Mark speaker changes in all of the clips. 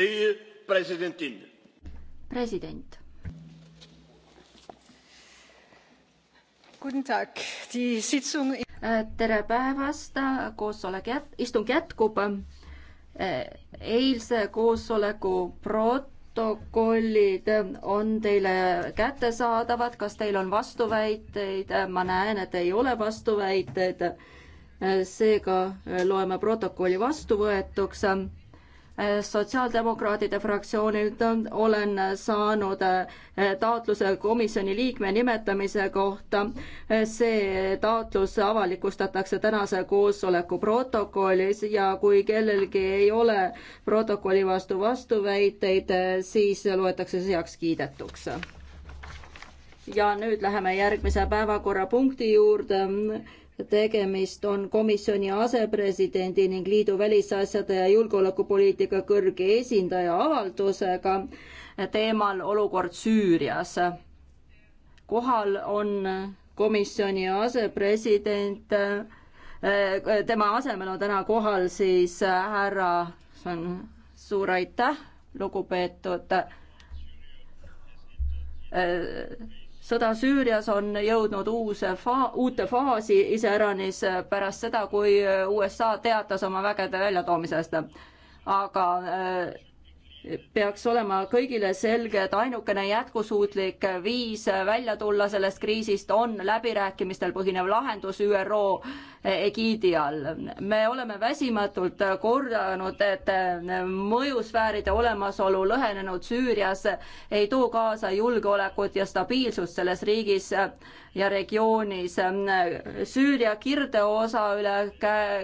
Speaker 1: Teie
Speaker 2: presidentin. president. Äh, tere päevast, koosolek jät-, istung jätkub. Äh, eilse koosoleku protokollid on teile kättesaadavad, kas teil on vastuväiteid? ma näen, et ei ole vastuväiteid. Äh, seega loeme protokolli vastuvõetuks sotsiaaldemokraatide fraktsioonilt olen saanud eh, taotluse komisjoni liikme nimetamise kohta. Eh, see taotlus avalikustatakse tänase koosoleku protokollis ja kui kellelgi ei ole protokolli vastu vastuväiteid, eh, siis loetakse see heaks kiidetuks ja nüüd läheme järgmise päevakorrapunkti juurde tegemist on komisjoni asepresidendi ning liidu välisasjade ja julgeolekupoliitika kõrge esindaja avaldusega teemal olukord Süürias. kohal on komisjoni asepresident, tema asemel on täna kohal siis härra, see on suur aitäh, lugupeetud äh, sõda Süürias on jõudnud uus fa-, uute faasi iseäranis pärast seda, kui USA teatas oma vägede väljatoomisest. aga äh, peaks olema kõigile selge, et ainukene jätkusuutlik viis välja tulla sellest kriisist on läbirääkimistel põhinev lahendus ÜRO egiidi all. me oleme väsimatult korranud, et mõjusfääride olemasolu lõhenenud Süürias ei too kaasa julgeolekut ja stabiilsust selles riigis ja regioonis. Süüria kirdeosa üle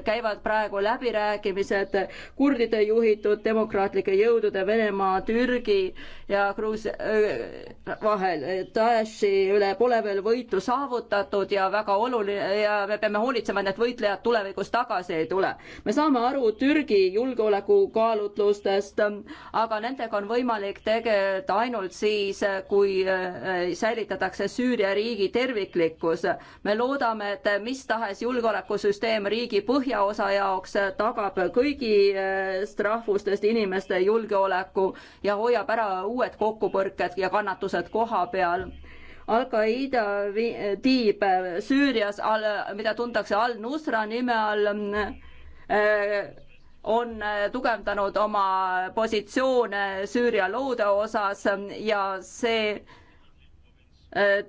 Speaker 2: käivad praegu läbirääkimised kurdide juhitud demokraatlike jõudude Venemaa, Türgi ja Gruusia äh, vahel. Daeshi üle pole veel võitu saavutatud ja väga oluline ja me peame hoolitsema et need võitlejad tulevikus tagasi ei tule. me saame aru Türgi julgeolekukaalutlustest, aga nendega on võimalik tegeleda ainult siis, kui äh, säilitatakse Süüria riigi terviklikkus. me loodame, et mis tahes julgeolekusüsteem riigi põhjaosa jaoks tagab kõigist äh, rahvustest inimeste julgeoleku ja hoiab ära uued kokkupõrked ja kannatused koha peal Al-Qaeda tiib äh, Süürias, mida tuntakse Al-Nusra nime all, mm, äh, on äh, tugevdanud oma positsioone Süüria loode osas mm, ja see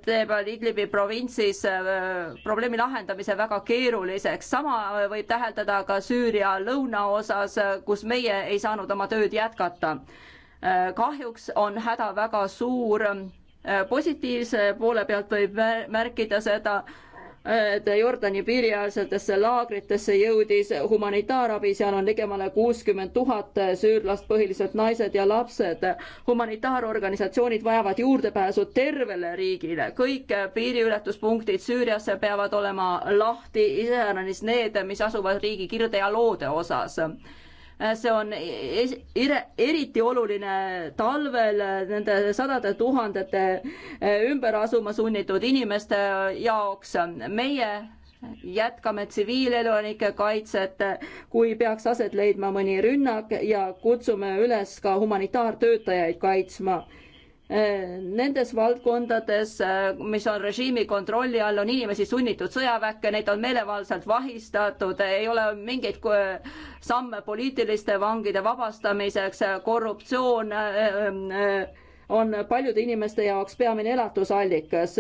Speaker 2: teeb Idlibi provintsis probleemi lahendamise väga keeruliseks. sama võib täheldada ka Süüria lõunaosas, kus meie ei saanud oma tööd jätkata. kahjuks on häda väga suur mm, Äh, positiivse poole pealt võib märkida seda, et Jordani piiriäärsetesse laagritesse jõudis humanitaarabi, seal on ligemale kuuskümmend tuhat süürlast, põhiliselt naised ja lapsed. humanitaarorganisatsioonid vajavad juurdepääsu tervele riigile, kõik piiriületuspunktid Süüriasse peavad olema lahti, iseäranis need, mis asuvad riigi kirde ja loode osas Äh, see on eriti oluline talvel äh, nende sadade tuhandete äh, ümber asuma sunnitud inimeste jaoks. meie jätkame tsiviilelanike kaitset, kui peaks aset leidma mõni rünnak ja kutsume üles ka humanitaartöötajaid kaitsma Nendes valdkondades, äh, mis on režiimi kontrolli all, on inimesi sunnitud sõjaväkke, neid on meelevaldselt vahistatud, ei ole mingeid äh, samme poliitiliste vangide vabastamiseks, korruptsioon äh, on paljude inimeste jaoks peamine elatusallikas.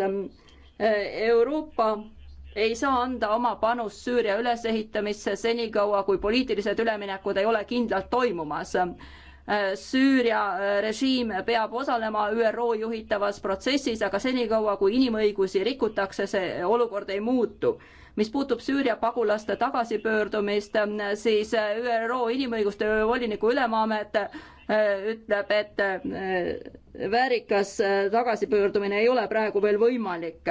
Speaker 2: Euroopa ei saa anda oma panust Süüria ülesehitamisse senikaua, kui poliitilised üleminekud ei ole kindlalt toimumas Süüria äh, režiim peab osalema ÜRO juhitavas protsessis, aga senikaua, kui inimõigusi rikutakse, see olukord ei muutu. mis puutub Süüria pagulaste tagasipöördumist, siis äh, ÜRO inimõiguste voliniku ülemaamet äh, ütleb, et väärikas tagasipöördumine ei ole praegu veel võimalik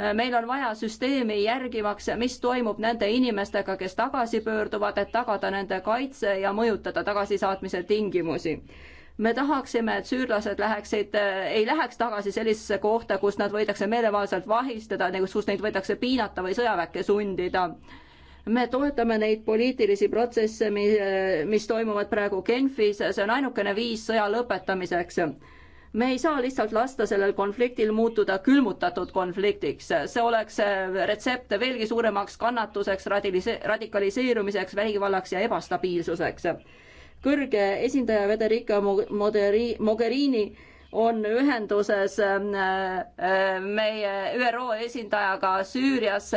Speaker 2: Äh, meil on vaja süsteemi järgimaks, mis toimub nende inimestega, kes tagasi pöörduvad, et tagada nende kaitse ja mõjutada tagasisaatmise tingimusi me tahaksime, et süürlased läheksid, äh, ei läheks tagasi sellisesse kohta, kus nad võidakse meelevaldselt vahistada, nagu kus neid võidakse piinata või sõjaväkke sundida me toetame neid poliitilisi protsesse, mis toimuvad praegu Genfis, see on ainukene viis sõja lõpetamiseks me ei saa lihtsalt lasta sellel konfliktil muutuda külmutatud konfliktiks, see oleks eh, retsept veelgi suuremaks kannatuseks, radikaliseerumiseks, vägivallaks ja ebastabiilsuseks. kõrge esindaja Federica Mogherini on ühenduses eh, eh, meie ÜRO esindajaga Süürias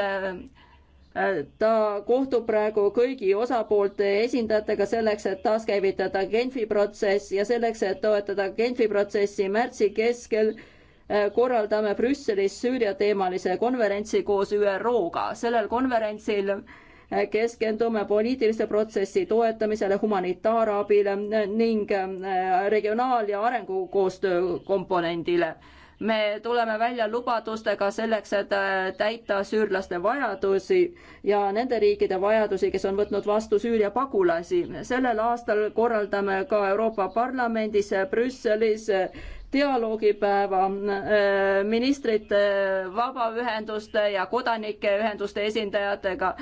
Speaker 2: ta kohtub praegu kõigi osapoolte esindajatega selleks, et taaskäivitada Genfi protsess ja selleks, et toetada Genfi protsessi märtsi keskel, äh, korraldame Brüsselis Süüria-teemalise konverentsi koos ÜRO-ga. sellel konverentsil äh, keskendume poliitilise protsessi toetamisele, humanitaarabile äh, ning regionaal- ja arengukoostöö komponendile me tuleme välja lubadustega selleks, et äh, täita süürlaste vajadusi ja nende riikide vajadusi, kes on võtnud vastu Süüria pagulasi. sellel aastal korraldame ka Euroopa Parlamendis äh, Brüsselis äh, dialoogipäeva ministrite, vabaühenduste ja kodanikeühenduste esindajatega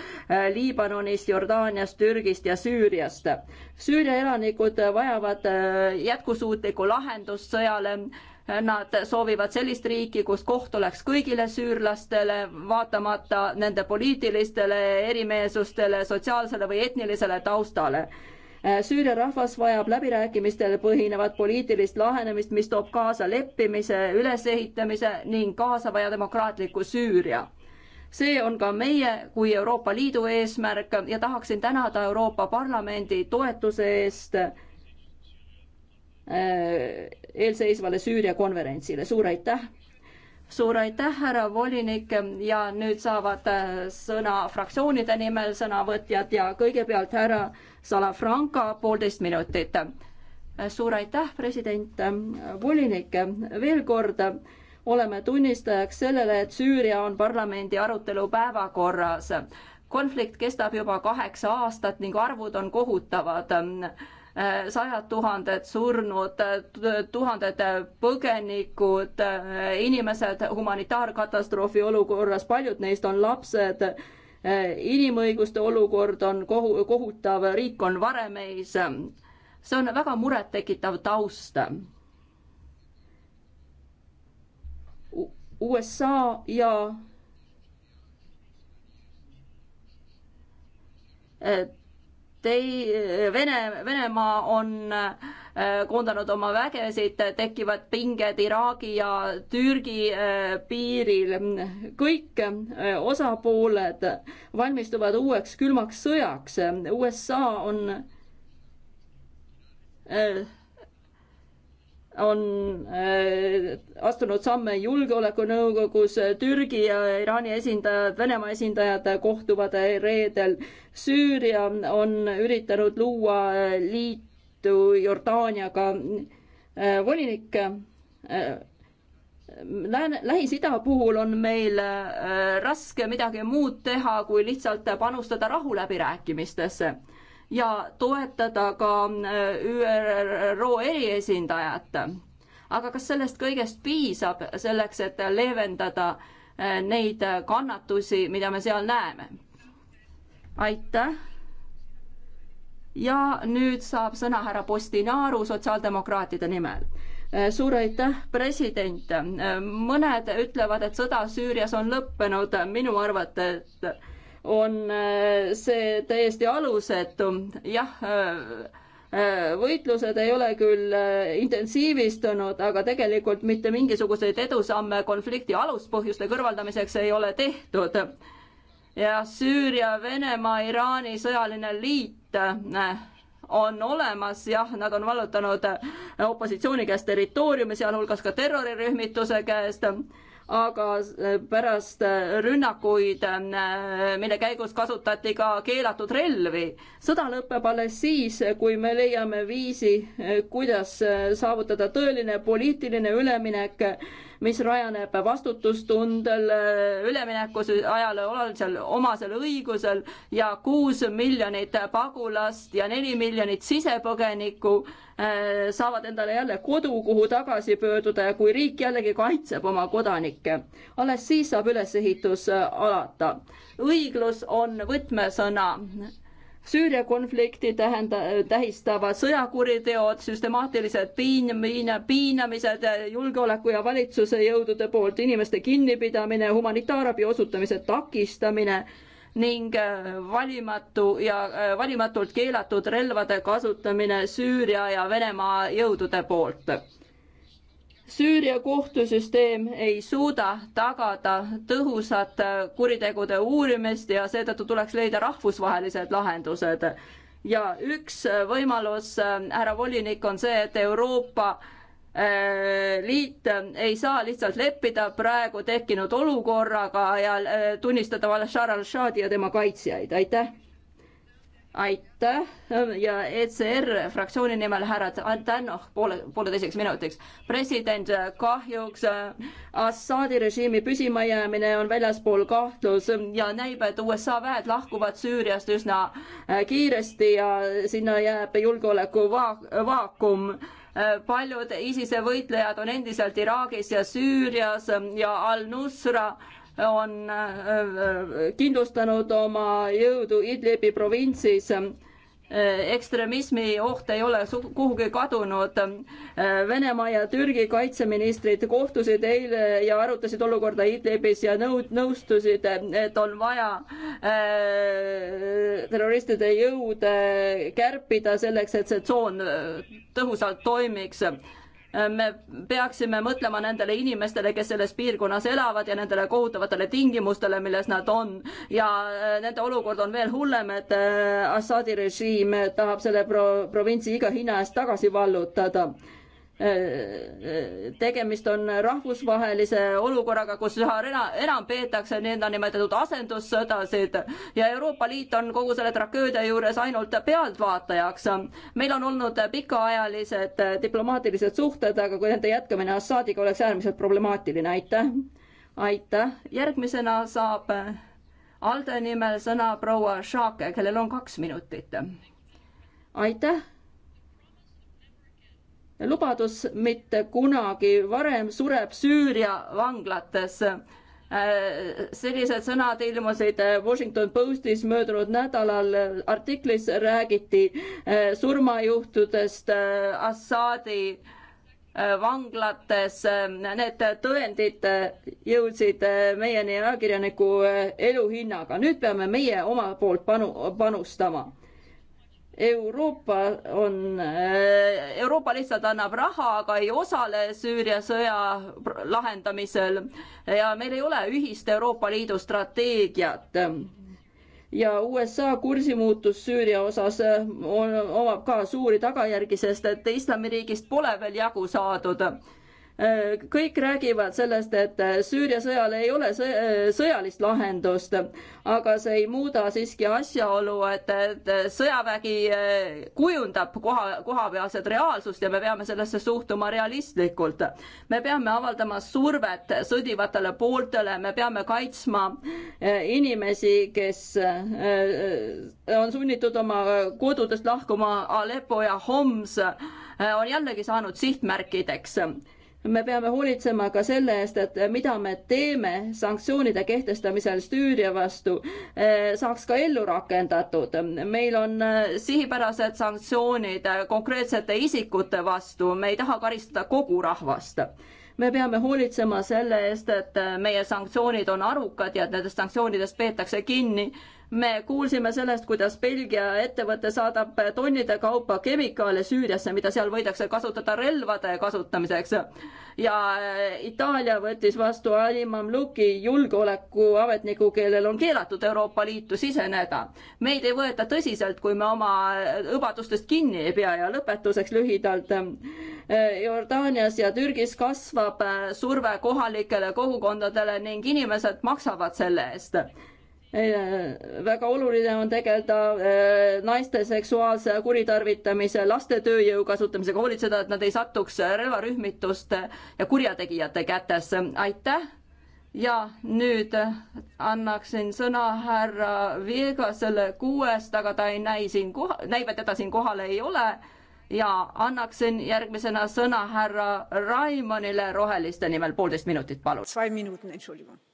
Speaker 2: Liibanonist, Jordaaniast, Türgist ja Süüriast. Süüria elanikud vajavad jätkusuutlikku lahendust sõjale Nad soovivad sellist riiki, kus koht oleks kõigile süürlastele, vaatamata nende poliitilistele erimeelsustele, sotsiaalsele või etnilisele taustale. Süüria rahvas vajab läbirääkimistel põhinevat poliitilist lahenemist, mis toob kaasa leppimise, ülesehitamise ning kaasava ja demokraatliku Süüria see on ka meie kui Euroopa Liidu eesmärk ja tahaksin tänada Euroopa Parlamendi toetuse eest Äh, eelseisvale Süüria konverentsile, suur aitäh! suur aitäh, härra volinik ja nüüd saavad äh, sõna fraktsioonide nimel sõnavõtjad ja kõigepealt härra Salafranca, poolteist minutit. Äh, suur aitäh, president, volinik, veel kord oleme tunnistajaks sellele, et Süüria on parlamendi arutelu päevakorras. konflikt kestab juba kaheksa aastat ning arvud on kohutavad sajad tuhanded surnud, tuhanded põgenikud, inimesed humanitaarkatastroofi olukorras, paljud neist on lapsed, inimõiguste olukord on kohu, kohutav, riik on varemeis. see on väga murettekitav taust USA ja eh, tei-, Vene, Venemaa on äh, koondanud oma vägesid, tekivad pinged Iraagi ja Türgi äh, piiril. kõik äh, osapooled valmistuvad uueks külmaks sõjaks. USA on on äh, astunud samme Julgeolekunõukogus, Türgi ja Iraani esindajad, Venemaa esindajad kohtuvad reedel, Süüria on üritanud luua liitu Jordaaniaga, äh, volinik äh, Lääne, Lähis-Ida puhul on meil raske midagi muud teha, kui lihtsalt panustada rahuläbirääkimistesse ja toetada ka äh, ÜRO eriesindajat. aga kas sellest kõigest piisab selleks, et leevendada äh, neid kannatusi, mida me seal näeme? aitäh. ja nüüd saab sõna härra Postinaru sotsiaaldemokraatide nimel äh, suur aitäh, president. mõned ütlevad, et sõda Süürias on lõppenud, minu arvates on äh, see täiesti alusetu. jah, äh, äh, võitlused ei ole küll intensiivistunud, aga tegelikult mitte mingisuguseid edusamme konflikti aluspõhjuste kõrvaldamiseks ei ole tehtud. ja Süüria, Venemaa, Iraani sõjaline liit on olemas, jah, nad on vallutanud opositsiooni käest territooriumi, sealhulgas ka terrorirühmituse käest aga pärast rünnakuid, mille käigus kasutati ka keelatud relvi. sõda lõpeb alles siis, kui me leiame viisi, kuidas saavutada tõeline poliitiline üleminek mis rajaneb vastutustundel, üleminekus ajale olulisel omasel õigusel ja kuus miljonit pagulast ja neli miljonit sisepõgenikku eh, saavad endale jälle kodu, kuhu tagasi pöörduda ja kui riik jällegi kaitseb oma kodanikke, alles siis saab ülesehitus alata. õiglus on võtmesõna Süüria konflikti tähenda, tähistavad sõjakuriteod, süstemaatilised piin-, piina-, piinamised julgeoleku ja valitsuse jõudude poolt, inimeste kinnipidamine, humanitaarabi osutamise takistamine ning äh, valimatu ja äh, valimatult keelatud relvade kasutamine Süüria ja Venemaa jõudude poolt Süüria kohtusüsteem ei suuda tagada tõhusat kuritegude uurimist ja seetõttu tuleks leida rahvusvahelised lahendused. ja üks võimalus, äh, härra volinik, on see, et Euroopa äh, liit ei saa lihtsalt leppida praegu tekkinud olukorraga ja äh, tunnistada Bashar al-Assadi ja tema kaitsjaid, aitäh aitäh ja ECR fraktsiooni nimel härra Tannoh poole, pooleteiseks minutiks. president, kahjuks äh, Assaadi režiimi püsimajäämine on väljaspool kahtlus ja näib, et USA väed lahkuvad Süüriast üsna äh, kiiresti ja sinna jääb julgeoleku vaakum äh, paljud ISISe võitlejad on endiselt Iraagis ja Süürias ja al-Nusra äh, on äh, äh, kindlustanud oma jõudu Idlibi provintsis äh, ekstremismi oht ei ole kuhugi kadunud. Venemaa ja Türgi kaitseministrid kohtusid eile ja arutasid olukorda Idlibis ja nõud, nõustusid, et on vaja äh, terroristide jõude kärpida selleks, et see tsoon tõhusalt toimiks me peaksime mõtlema nendele inimestele, kes selles piirkonnas elavad ja nendele kohutavatele tingimustele, milles nad on. ja äh, nende olukord on veel hullem, et äh, Assadi režiim tahab selle pro provintsi iga hinna eest tagasi vallutada Äh, äh, tegemist on rahvusvahelise olukorraga, kus üha enam peetakse nõndanimetatud asendussõdasid ja Euroopa Liit on kogu selle tragöödia juures ainult pealtvaatajaks. meil on olnud pikaajalised diplomaatilised suhted, aga kui nende jätkamine Assadiga oleks äärmiselt problemaatiline, aitäh. aitäh, järgmisena saab Alde nimel sõna proua Šake, kellel on kaks minutit. aitäh lubadus mitte kunagi varem sureb Süüria vanglates. Äh, sellised sõnad ilmusid äh, Washington Postis möödunud nädalal, äh, artiklis räägiti surmajuhtudest Assaadi vanglates, need tõendid jõudsid meieni ajakirjaniku eluhinnaga, nüüd peame meie oma poolt panu, panustama Euroopa on, äh, Euroopa lihtsalt annab raha, aga ei osale Süüria sõja lahendamisel ja meil ei ole ühist Euroopa Liidu strateegiat. ja USA kursimuutus Süüria osas äh, on, omab ka suuri tagajärgi, sest et islamiriigist pole veel jagu saadud kõik räägivad sellest, et Süüria sõjal ei ole sõjalist lahendust, aga see ei muuda siiski asjaolu, et, et sõjavägi eh, kujundab koha, kohapealset reaalsust ja me peame sellesse suhtuma realistlikult. me peame avaldama survet sõdivatele pooltele, me peame kaitsma eh, inimesi, kes eh, on sunnitud oma kodudest lahkuma, Aleppo ja Homs on jällegi saanud sihtmärkideks me peame hoolitsema ka selle eest, et mida me teeme sanktsioonide kehtestamisel Süüria vastu, eh, saaks ka ellu rakendatud. meil on eh, sihipärased sanktsioonid konkreetsete isikute vastu, me ei taha karistada kogu rahvast me peame hoolitsema selle eest, et meie sanktsioonid on arukad ja et nendest sanktsioonidest peetakse kinni. me kuulsime sellest, kuidas Belgia ettevõte saadab tonnide kaupa kemikaale Süüriasse, mida seal võidakse kasutada relvade kasutamiseks. ja äh, Itaalia võttis vastu Ali Mamluki julgeolekuametniku, kellel on keelatud Euroopa Liitu siseneda. meid ei võeta tõsiselt, kui me oma äh, õbadustest kinni ei pea ja lõpetuseks lühidalt äh, Jordaanias ja Türgis kasvab kasvab äh, surve kohalikele kogukondadele ning inimesed maksavad selle eest äh, väga oluline on tegeleda äh, naiste seksuaalse kuritarvitamise, laste tööjõu kasutamisega, hoolitseda, et nad ei satuks relvarühmituste ja kurjategijate kätesse. aitäh ja nüüd annaksin sõna härra Viegasele kuuest, aga ta ei näi siin koha, näib, et teda siin kohal ei ole ja annaksin järgmisena sõna härra Raimonile Roheliste nimel, poolteist minutit, palun.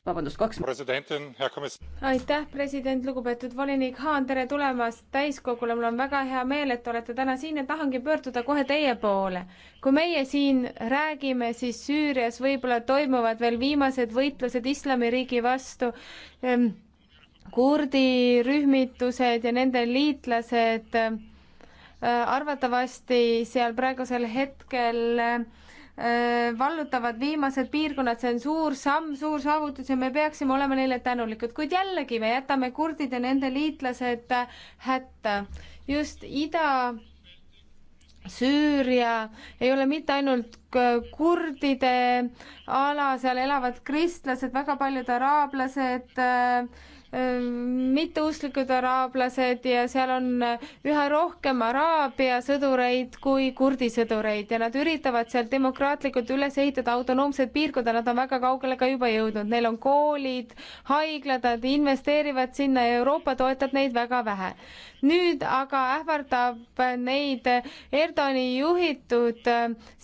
Speaker 2: vabandust, kaks minutit.
Speaker 3: aitäh, president, lugupeetud volinik Haan, tere tulemast täiskogule, mul on väga hea meel, et olete täna siin ja tahangi pöörduda kohe teie poole. kui meie siin räägime, siis Süürias võib-olla toimuvad veel viimased võitlused islamiriigi vastu ehm, kurdirühmitused ja nende liitlased ehm, Äh, arvatavasti seal praegusel hetkel äh, vallutavad viimased piirkonnad, see on suur samm, suur saavutus ja me peaksime olema neile tänulikud, kuid jällegi me jätame kurdid ja nende liitlased äh, hätta. just ida Süüria ei ole mitte ainult kurdide ala, seal elavad kristlased, väga paljud araablased äh,, Ehm, mitteusklikud araablased ja seal on üha rohkem araabia sõdureid kui kurdi sõdureid ja nad üritavad seal demokraatlikult üles ehitada autonoomsed piirkonda, nad on väga kaugele ka juba jõudnud, neil on koolid, haiglad, nad investeerivad sinna ja Euroopa toetab neid väga vähe. nüüd aga ähvardab neid Erdogani juhitud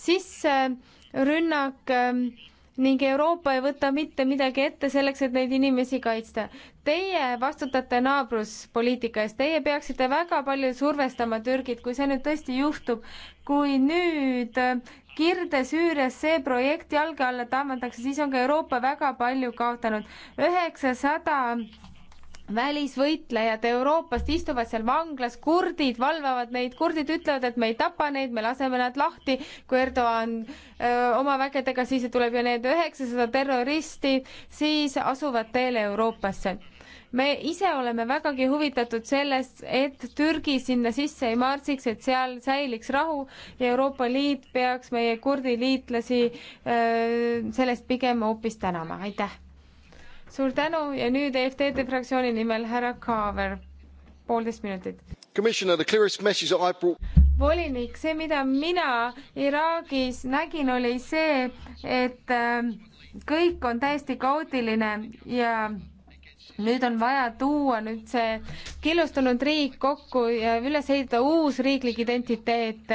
Speaker 3: sisserünnak ehm, ning Euroopa ei võta mitte midagi ette selleks, et neid inimesi kaitsta. Teie vastutate naabruspoliitika eest, teie peaksite väga palju survestama Türgit, kui see nüüd tõesti juhtub, kui nüüd äh, Kirde-Süürias see projekt jalge alla tammatakse, siis on ka Euroopa väga palju kaotanud. üheksasada 900 välisvõitlejad Euroopast istuvad seal vanglas, kurdid valvavad neid, kurdid ütlevad, et me ei tapa neid, me laseme nad lahti, kui Erdoğan öö, oma vägedega, siis tuleb ju need üheksasada terroristi, siis asuvad teele Euroopasse. me ise oleme vägagi huvitatud sellest, et Türgi sinna sisse ei marsiks, et seal säiliks rahu ja Euroopa Liit peaks meie kurdi liitlasi öö, sellest pigem hoopis tänama, aitäh suur tänu ja nüüd EFTD fraktsiooni nimel härra Kaaver, poolteist minutit. volinik, see, mida mina Iraagis nägin, oli see, et ähm, kõik on täiesti kaootiline ja nüüd on vaja tuua nüüd see killustunud riik kokku ja üles ehitada uus riiklik identiteet.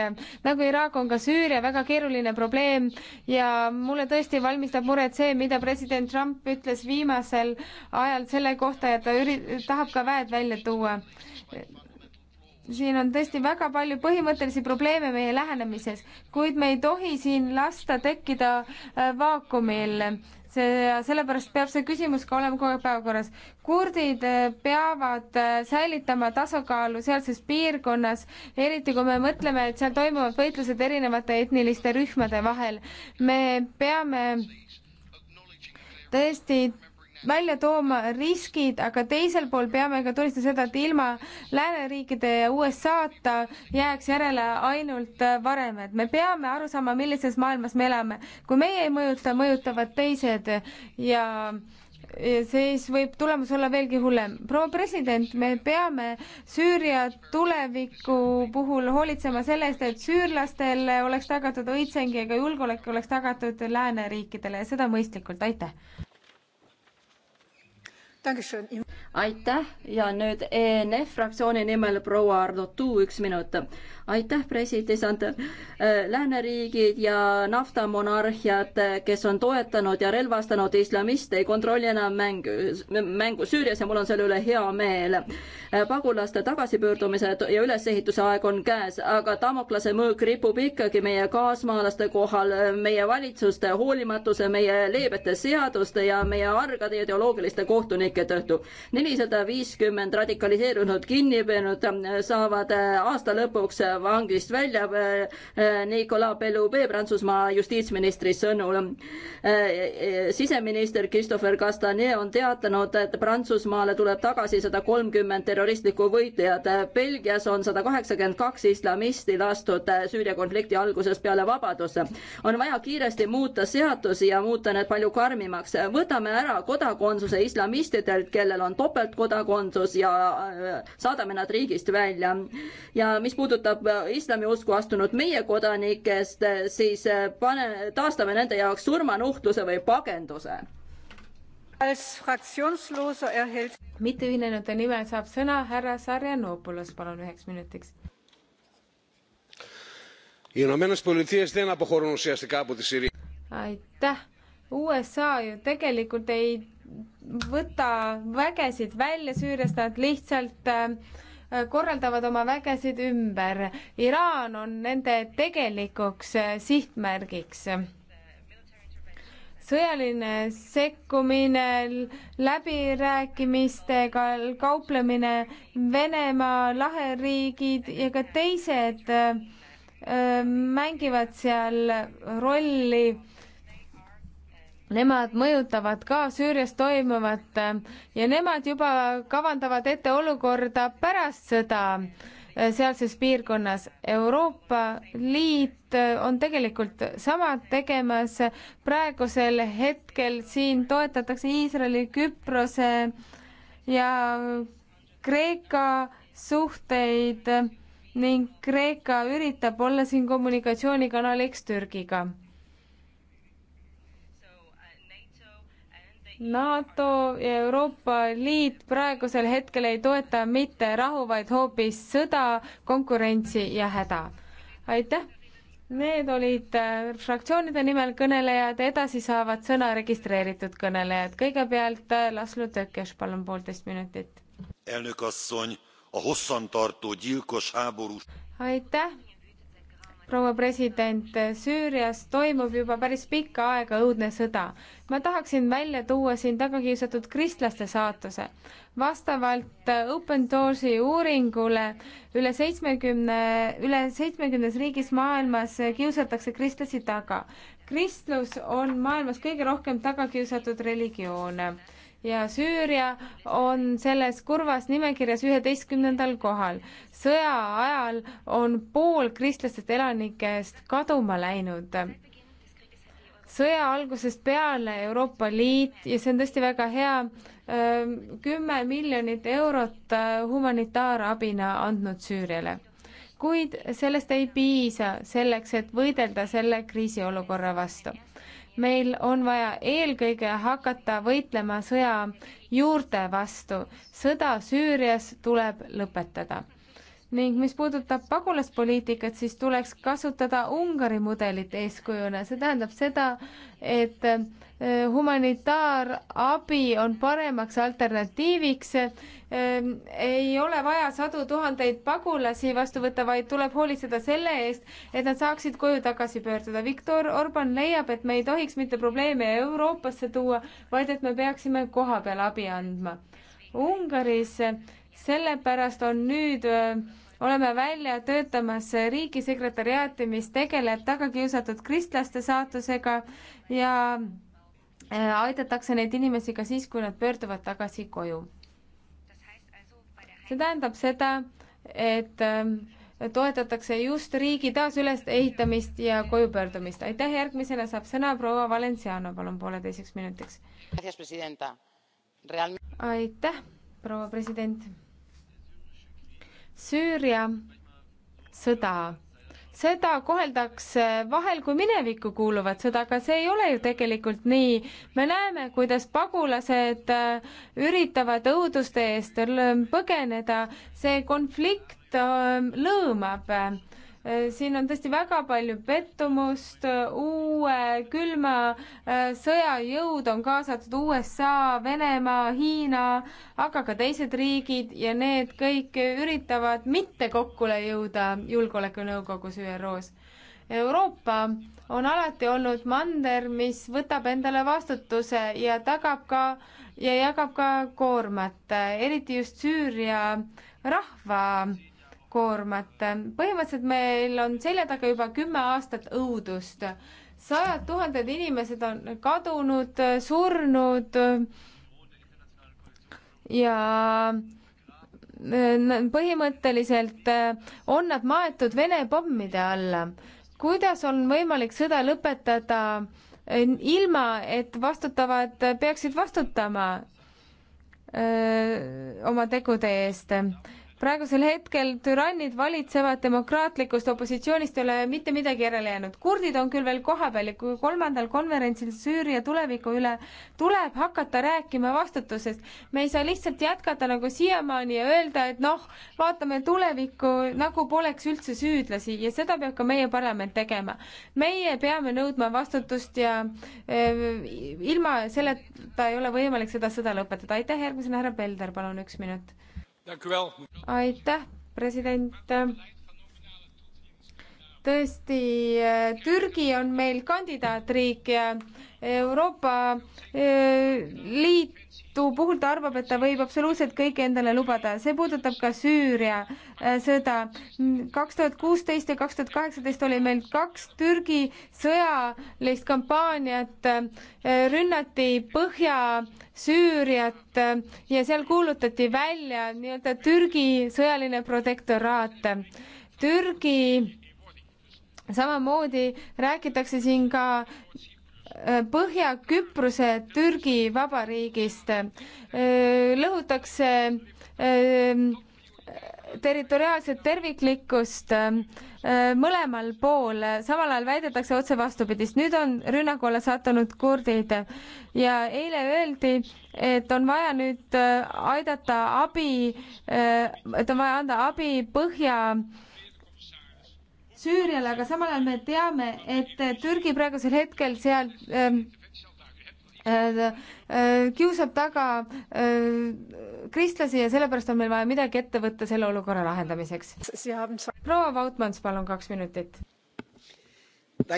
Speaker 3: nagu Iraak on ka Süüria väga keeruline probleem ja mulle tõesti valmistab muret see, mida president Trump ütles viimasel ajal selle kohta ja ta üri-, tahab ka väed välja tuua siin on tõesti väga palju põhimõttelisi probleeme meie lähenemises, kuid me ei tohi siin lasta tekkida äh, vaakumil see, sellepärast peab see küsimus ka olema kogu aeg päevakorras. kurdid äh, peavad äh, säilitama tasakaalu sealses piirkonnas, eriti kui me mõtleme, et seal toimuvad võitlused erinevate etniliste rühmade vahel. me peame tõesti välja tooma riskid, aga teisel pool peame ka tunnistama seda, et ilma lääneriikide ja USA-ta jääks järele ainult varemed. me peame aru saama, millises maailmas me elame. kui meie ei mõjuta, mõjutavad teised ja ja siis võib tulemus olla veelgi hullem. proua president, me peame Süüria tuleviku puhul hoolitsema selle eest, et süürlastel oleks tagatud õitseng ja ka julgeolek oleks
Speaker 2: tagatud lääneriikidele ja
Speaker 3: seda mõistlikult, aitäh!
Speaker 2: aitäh ja nüüd ENF fraktsiooni nimel proua Ardo Tuu, üks minut aitäh, president. Äh, lääneriigid ja naftamonarhiad, äh, kes on toetanud ja relvastanud islamiste, ei kontrolli enam mängu, mängu Süürias ja mul on selle üle hea meel. Äh, pagulaste tagasipöördumise ja ülesehituse aeg on käes, aga Damoklase mõõk ripub ikkagi meie kaasmaalaste kohal, meie valitsuste hoolimatuse, meie leebete seaduste ja meie argade ideoloogiliste kohtunike tõttu. nelisada viiskümmend radikaliseerunud kinnipeanud saavad aasta lõpuks vangist välja äh, äh, Nicolas Belloubet Prantsusmaa justiitsministri sõnul. Äh, siseminister Christopher Castanet on teatanud, et Prantsusmaale tuleb tagasi sada kolmkümmend terroristlikku võitlejat. Belgias on sada kaheksakümmend kaks islamisti lastud Süüria konflikti algusest peale vabadusse. on vaja kiiresti muuta seadusi ja muuta need palju karmimaks. võtame ära kodakondsuse islamistidelt, kellel on topeltkodakondsus ja saadame nad riigist välja. ja mis puudutab islamiusku astunud meie kodanikest, siis eh, pane, taastame nende jaoks surmanuhtluse või pagenduse.
Speaker 3: mitteühinenute nimel saab sõna härra Sarjanopoulos, palun üheks minutiks. aitäh, USA ju tegelikult ei võta vägesid välja Süüriast, nad lihtsalt äh, korraldavad oma vägesid ümber. Iraan on nende tegelikuks eh, sihtmärgiks sõjaline sekkumine, läbirääkimistega kauplemine, Venemaa, laheriigid ja ka teised öö, eh, mängivad seal rolli Nemad mõjutavad ka Süürias toimuvat äh, ja nemad juba kavandavad ette olukorda pärast sõda äh, sealses piirkonnas. Euroopa Liit äh, on tegelikult samad tegemas. praegusel hetkel siin toetatakse Iisraeli, Küprose ja Kreeka suhteid ning Kreeka üritab olla siin kommunikatsioonikanaliks Türgiga NATO ja Euroopa Liit praegusel hetkel ei toeta mitte rahu, vaid hoopis sõda, konkurentsi ja häda. aitäh! Need olid äh, fraktsioonide nimel kõnelejad, edasi saavad sõna registreeritud kõnelejad. kõigepealt äh, Laslo Tökes, palun poolteist minutit. aitäh! proua president, Süürias toimub juba päris pikka aega õudne sõda. ma tahaksin välja tuua siin tagakiusatud kristlaste saatuse. vastavalt Open Doorsi uuringule üle seitsmekümne, üle seitsmekümnes riigis maailmas kiusatakse kristlasi taga. kristlus on maailmas kõige rohkem tagakiusatud religioon ja Süüria on selles kurvas nimekirjas üheteistkümnendal kohal. sõja ajal on pool kristlastest elanikest kaduma läinud. sõja algusest peale Euroopa Liit ja see on tõesti väga hea, kümme miljonit eurot humanitaarabina andnud Süüriale kuid sellest ei piisa selleks, et võidelda selle kriisiolukorra vastu meil on vaja eelkõige hakata võitlema sõja juurte vastu. sõda Süürias tuleb lõpetada ning mis puudutab pagulaspoliitikat, siis tuleks kasutada Ungari mudelit eeskujuna, see tähendab seda, et eh, humanitaarabi on paremaks alternatiiviks. Eh, ei ole vaja sadu tuhandeid pagulasi vastu võtta, vaid tuleb hoolitseda selle eest, et nad saaksid koju tagasi pöörduda. Viktor Orban leiab, et me ei tohiks mitte probleeme Euroopasse tuua, vaid et me peaksime kohapeal abi andma. Ungaris eh, sellepärast on nüüd öö, oleme välja töötamas riigisekretäriaati, mis tegeleb tagakiusatud kristlaste saatusega ja äh, aidatakse neid inimesi ka siis, kui nad pöörduvad tagasi koju. see tähendab seda, et äh, toetatakse just riigi taasülesehitamist ja kojupöördumist. aitäh, järgmisena saab sõna proua Valenciano, palun pooleteiseks minutiks. aitäh, proua president Süüria sõda, seda koheldakse vahel kui minevikku kuuluvat sõda, aga see ei ole ju tegelikult nii. me näeme, kuidas pagulased äh, üritavad õuduste eest põgeneda, see konflikt äh, lõõmab äh, Äh, siin on tõesti väga palju pettumust, äh, uue külma äh, sõja jõud on kaasatud USA, Venemaa, Hiina, aga ka teised riigid ja need kõik üritavad mitte kokkule jõuda Julgeolekunõukogus ÜRO-s. Euroopa on alati olnud mander, mis võtab endale vastutuse ja tagab ka ja jagab ka koormat, eriti just Süüria rahva koormat. põhimõtteliselt meil on selja taga juba kümme aastat õudust. sajad tuhanded inimesed on kadunud, surnud ja äh, põhimõtteliselt äh, on nad maetud Vene pommide alla. kuidas on võimalik sõda lõpetada äh, ilma, et vastutavad peaksid vastutama öö, oma tegude eest? praegusel hetkel türannid valitsevad demokraatlikust opositsioonist ei ole mitte midagi järele jäänud. kurdid on küll veel kohapeal ja kui kolmandal konverentsil Süüria tuleviku üle tuleb hakata rääkima vastutusest, me ei saa lihtsalt jätkata nagu siiamaani ja öelda, et noh, vaatame tulevikku nagu poleks üldse süüdlasi ja seda peab ka meie parlament tegema. meie peame nõudma vastutust ja öö, eh, ilma selleta ei ole võimalik seda sõda lõpetada. aitäh, järgmisena härra Pelder, palun üks minut aitäh, president tõesti, eh, Türgi on meil kandidaatriik ja Euroopa eh, Liitu puhul ta arvab, et ta võib absoluutselt kõike endale lubada. see puudutab ka Süüria eh, sõda. kaks tuhat kuusteist ja kaks tuhat kaheksateist oli meil kaks Türgi sõjalist kampaaniat. rünnati Põhja-Süüriat ja seal kuulutati välja nii-öelda Türgi sõjaline protektoraat. Türgi samamoodi räägitakse siin ka äh, Põhja-Küprose Türgi Vabariigist. Äh, lõhutakse äh, territoriaalset terviklikkust mõlemal pool, samal ajal väidetakse otse vastupidist. nüüd on rünnaku alla sattunud kurdid ja eile öeldi, et on vaja nüüd aidata abi, et on vaja anda abi Põhja- Süüriale, aga samal ajal me teame, et Türgi praegusel hetkel seal ähm, äh, äh, kiusab taga äh, kristlasi ja sellepärast on meil vaja midagi ette võtta selle olukorra lahendamiseks. proua Vautmans, palun kaks minutit.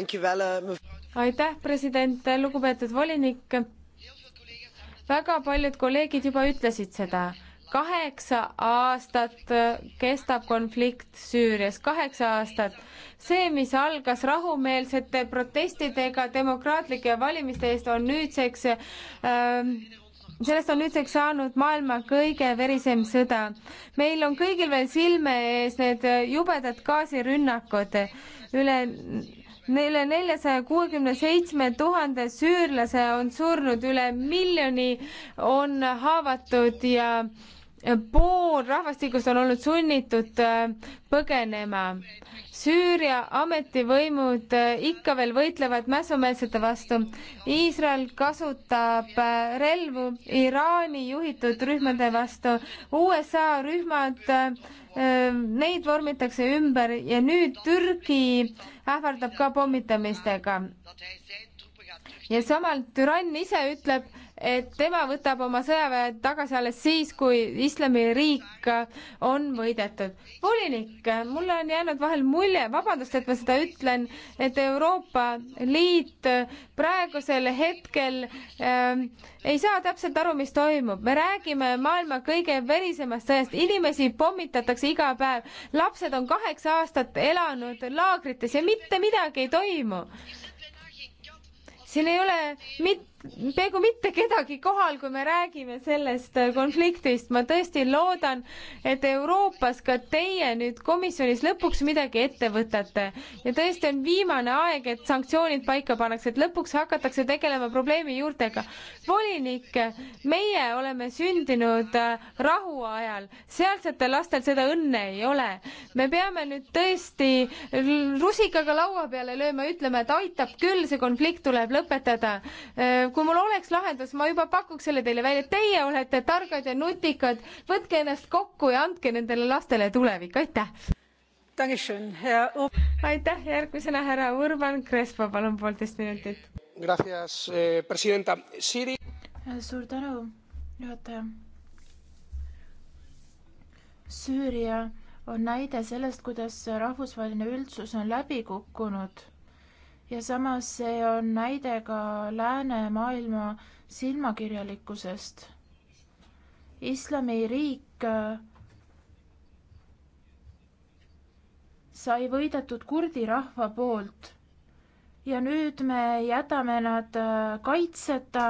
Speaker 2: aitäh,
Speaker 3: president, lugupeetud volinik. väga paljud kolleegid juba ütlesid seda kaheksa aastat kestab konflikt Süürias, kaheksa aastat. see, mis algas rahumeelsete protestidega demokraatlike valimiste eest, on nüüdseks ähm, sellest on nüüdseks saanud maailma kõige verisem sõda. meil on kõigil veel silme ees need jubedad gaasirünnakud üle üle neljasaja kuuekümne seitsme tuhande süürlase on surnud, üle miljoni on haavatud ja äh, pool rahvastikust on olnud sunnitud äh, põgenema. Süüria ametivõimud äh, ikka veel võitlevad mässumeelsete vastu. Iisrael kasutab äh, relvu Iraani juhitud rühmade vastu. USA rühmad, neid vormitakse ümber ja nüüd Türgi ähvardab ka pommitamistega. ja samal türann ise ütleb, et tema võtab oma sõjaväe tagasi alles siis, kui islamiriik on võidetud. volinik, mulle on jäänud vahel mulje, vabandust, et ma seda ütlen, et Euroopa Liit praegusel hetkel äh, ei saa täpselt aru, mis toimub. me räägime maailma kõige verisemast sõjast, inimesi pommitatakse iga päev, lapsed on kaheksa aastat elanud laagrites ja mitte midagi ei toimu. siin ei ole mitte peaaegu mitte kedagi kohal, kui me räägime sellest konfliktist. ma tõesti loodan, et Euroopas ka teie nüüd komisjonis lõpuks midagi ette võtate ja tõesti on viimane aeg, et sanktsioonid paika pannakse, et lõpuks hakatakse tegelema probleemi juurtega. volinik, meie oleme sündinud äh, rahuajal, sealsetel lastel seda õnne ei ole. me peame nüüd tõesti rusikaga laua peale lööma, ütlema, et aitab küll, see konflikt tuleb lõpetada äh, kui mul oleks lahendus, ma juba pakuks selle teile välja. Teie olete targad ja nutikad, võtke ennast kokku ja andke nendele lastele tulevik, aitäh! aitäh, järgmisena härra Urban Crespo, palun poolteist minutit.
Speaker 2: Eh,
Speaker 1: suur tänu, juhataja. Süüria on näide sellest, kuidas rahvusvaheline üldsus on läbi kukkunud ja samas see on näide ka läänemaailma silmakirjalikkusest. islamiriik äh, sai võidetud kurdi rahva poolt ja nüüd me jätame nad äh, kaitseta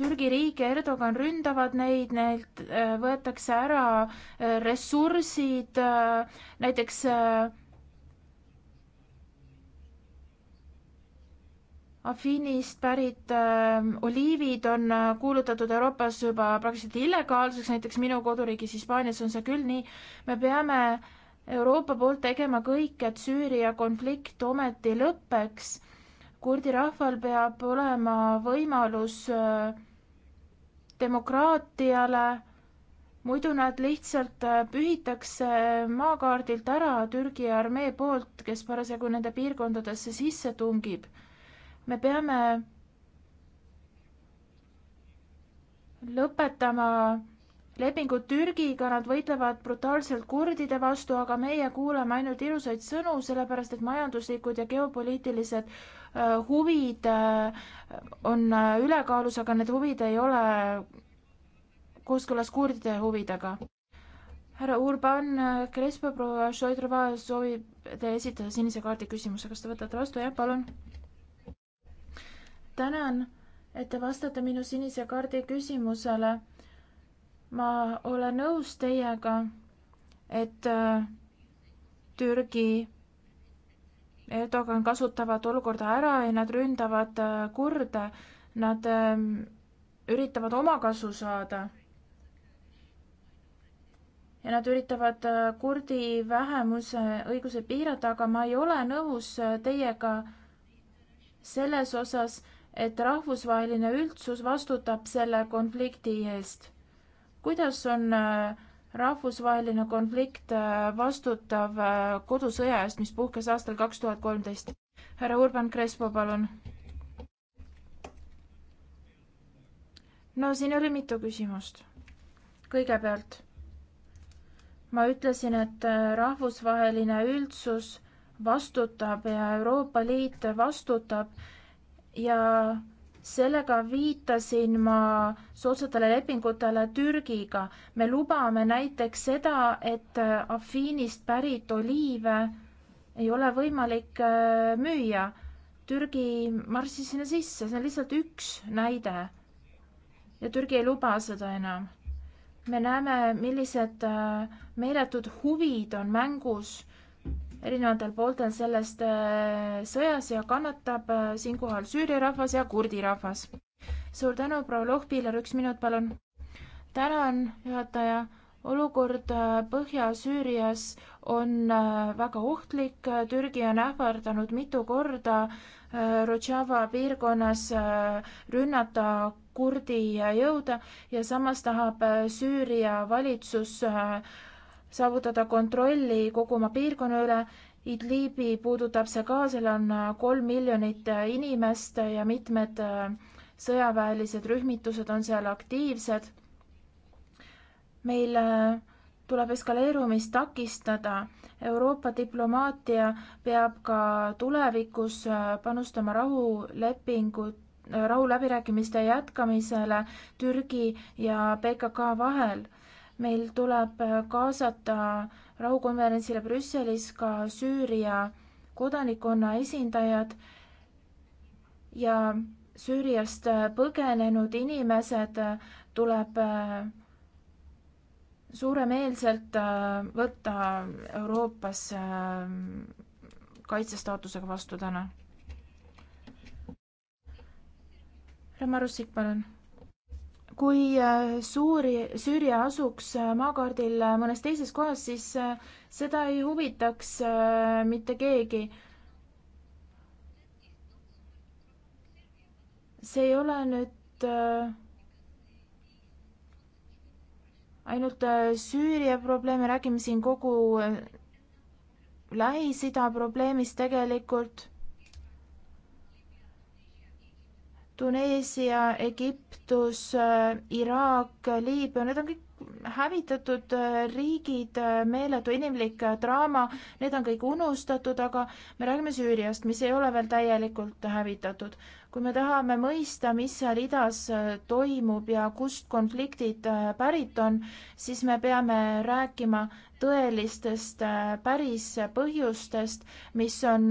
Speaker 1: Türgi riik ja Erdogan ründavad neid, neilt äh, võetakse ära äh, ressursid, äh, näiteks Afiinist pärit äh, oliivid on äh, kuulutatud Euroopas juba praktiliselt illegaalseks, näiteks minu koduriigis Hispaanias on see küll nii, me peame Euroopa poolt tegema kõik, et Süüria konflikt ometi lõpeks kurdi rahval peab olema võimalus äh, demokraatiale, muidu nad lihtsalt äh, pühitakse maakaardilt ära Türgi armee poolt, kes parasjagu nende piirkondadesse sisse tungib. me peame lõpetama lepingud Türgiga, nad võitlevad brutaalselt kurdide vastu, aga meie kuuleme ainult ilusaid sõnu, sellepärast et majanduslikud ja geopoliitilised Äh, huvid äh, on äh, ülekaalus, aga need huvid ei ole kooskõlas kurdide huvidega. härra Urban Crespo, proua Šoidrova soovib te esitada sinise kaardi küsimuse, kas te võtate vastu, jah, palun? tänan, et te vastate minu sinise kaardi küsimusele. ma olen nõus teiega, et Türgi Erdogan kasutavad olukorda ära ja nad ründavad äh, kurde, nad ähm, üritavad omakasu saada. ja nad üritavad äh, kurdi vähemuse õiguse piirata, aga ma ei ole nõus äh, teiega selles osas, et rahvusvaheline üldsus vastutab selle konflikti eest. kuidas on äh, rahvusvaheline konflikt äh, vastutav äh, kodusõja eest, mis puhkes aastal kaks tuhat kolmteist. härra Urban Crespo, palun. no siin oli mitu küsimust. kõigepealt ma ütlesin, et äh, rahvusvaheline üldsus vastutab ja Euroopa Liit vastutab ja sellega viitasin ma soodsatele lepingutele Türgiga. me lubame näiteks seda, et äh, Afiinist pärit oliive ei ole võimalik äh, müüa. Türgi marssis sinna sisse, see on lihtsalt üks näide. ja Türgi ei luba seda enam. me näeme, millised äh, meeletud huvid on mängus erinevatel pooltel sellest äh, sõjas ja kannatab äh, siinkohal Süüria rahvas ja kurdi rahvas. suur tänu, proua Lohpiiler, üks minut, palun. tänan, juhataja. olukord äh, Põhja-Süürias on väga ohtlik, Türgi on ähvardanud mitu korda Rojava piirkonnas rünnata kurdi jõude ja samas tahab Süüria valitsus saavutada kontrolli kogu oma piirkonna üle. Idlibi puudutab see ka, seal on kolm miljonit inimest ja mitmed äh, sõjaväelised rühmitused on seal aktiivsed. meil äh, tuleb eskaleerumist takistada. Euroopa diplomaatia peab ka tulevikus äh, panustama rahulepingut, rahuläbirääkimiste jätkamisele Türgi ja PKK vahel meil tuleb äh, kaasata rahukonverentsile Brüsselis ka Süüria kodanikkonna esindajad ja Süüriast äh, põgenenud inimesed äh, tuleb suuremeelselt võtta Euroopas kaitsestaatusega vastu täna. Remo Russik, palun kui äh, suuri, Süüria asuks äh, maakaardil äh, mõnes teises kohas, siis seda ei huvitaks mitte keegi. see ei ole nüüd ainult Süüria probleem, me räägime siin kogu Lähis-Ida probleemist tegelikult Tuneesia, Egiptus, äh, Iraak, Liibüa, need on kõik hävitatud äh, riigid, äh, meeletu inimlik draama, need on kõik unustatud, aga me räägime Süüriast, mis ei ole veel täielikult hävitatud. kui me tahame mõista, mis seal idas toimub ja kust konfliktid pärit on, siis me peame rääkima tõelistest päris põhjustest, mis on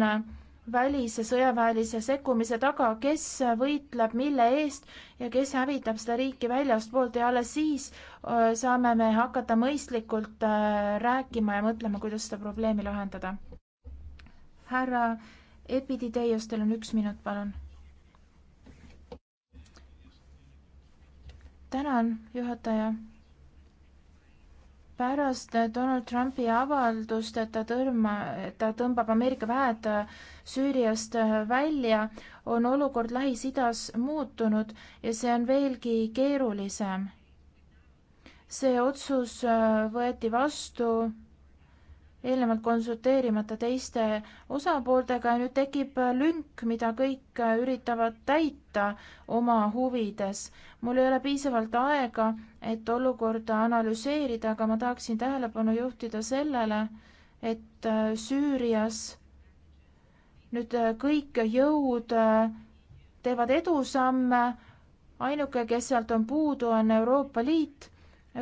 Speaker 1: välise sõjaväelise sekkumise taga, kes võitleb mille eest ja kes hävitab seda riiki väljastpoolt ja alles siis äh, saame me hakata mõistlikult äh, rääkima ja mõtlema, kuidas seda probleemi lahendada. härra Epiditeios, teil on üks minut, palun. tänan, juhataja pärast Donald Trumpi avaldust, et ta tõrma, ta tõmbab Ameerika väed Süüriast välja, on olukord Lähis-Idas muutunud ja see on veelgi keerulisem. see otsus võeti vastu eelnevalt konsulteerimata teiste osapooltega ja nüüd tekib lünk, mida kõik üritavad täita oma huvides. mul ei ole piisavalt aega, et olukorda analüseerida, aga ma tahaksin tähelepanu juhtida sellele, et äh, Süürias nüüd äh, kõik jõud äh, teevad edusamme, ainuke, kes sealt on puudu, on Euroopa Liit.